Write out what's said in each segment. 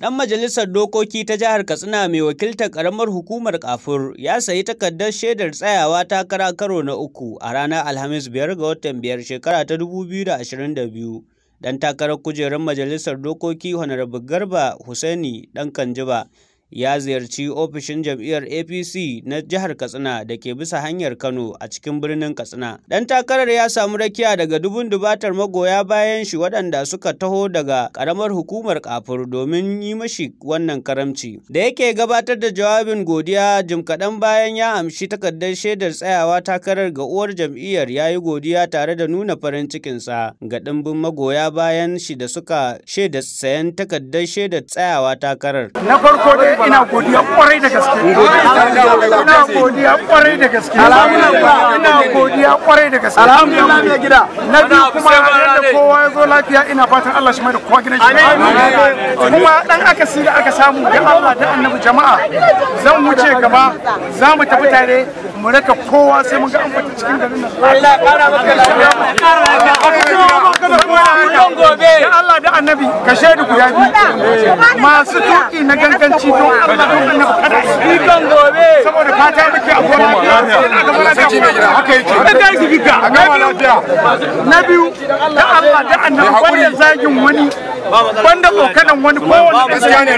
Dan majalisar dokoki ta jihar Katsina mai wakiltar Karamar hukumar kafur ya sayi takardar shaidar tsayawa takara karo na uku a ranar Alhamis biyar ga watan biyar shekara ta 2022. Dan takarar kujerar majalisar dokoki Honorable Garba Hussaini ɗan Kanjiba ya ziyarci ofishin jam'iyyar APC na jihar Katsina da ke bisa hanyar Kano a cikin birnin Katsina. dan takarar ya samu rakiya daga dubun dubatar magoya bayan shi waɗanda suka taho daga karamar hukumar kafur domin yi mashi wannan karamci. Da yake gabatar da jawabin godiya jim kaɗan bayan ya amshi takardar shaidar tsayawa takarar ga uwar jam'iyyar ya yi godiya tare da nuna farin cikinsa ga ɗimbin magoya bayan shi da suka shaida sayan takardar shaidar tsayawa takarar. Na farko ina godiya kwarai da gaske ina godiya kwarai da gaske ina godiya kwarai da gaske alhamdulillah mai gida na biyu kuma yadda kowa ya zo lafiya ina fatan Allah shi mai da kowa gidan shi kuma dan akasi da aka samu da Allah da annabi jama'a zan wuce gaba za mu tafi tare mu raka kowa sai mun ga an fita cikin garin nan Allah ya kara maka lafiya annabi ka shaidu guda biyu masu tuki na ganganci don Allah don annabi kada shi kan gobe saboda a gona haka yake da dai fika na biyu da Allah da annabi zagin wani banda kokanan wani kowanne gaskiya ne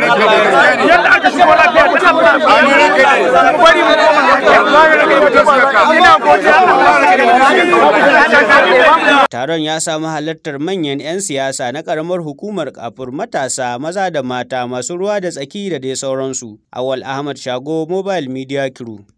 yadda aka shi lafiya da Allah bari Taron ya samu halartar manyan 'yan siyasa na ƙaramar hukumar kafur matasa maza da mata masu ruwa da tsaki da dai sauransu. Awal Ahmad Shago Mobile Media Crew.